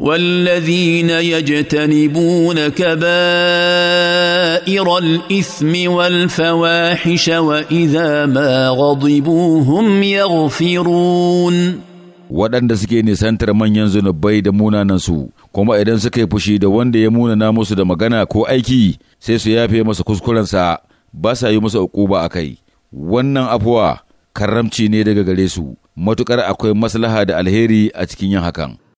والذين يجتنبون كبائر الاثم والفواحش واذا ما غضبوا هم يغفرون waɗanda suke nisantar manyan zunubai da munanansu kuma idan suka yi fushi da wanda ya munana musu da magana ko aiki sai su yafe masa kuskurensa ba sa yi masa uquba a kai wannan afuwa karamci ne daga gare su matukar akwai maslaha da alheri a cikin yin hakan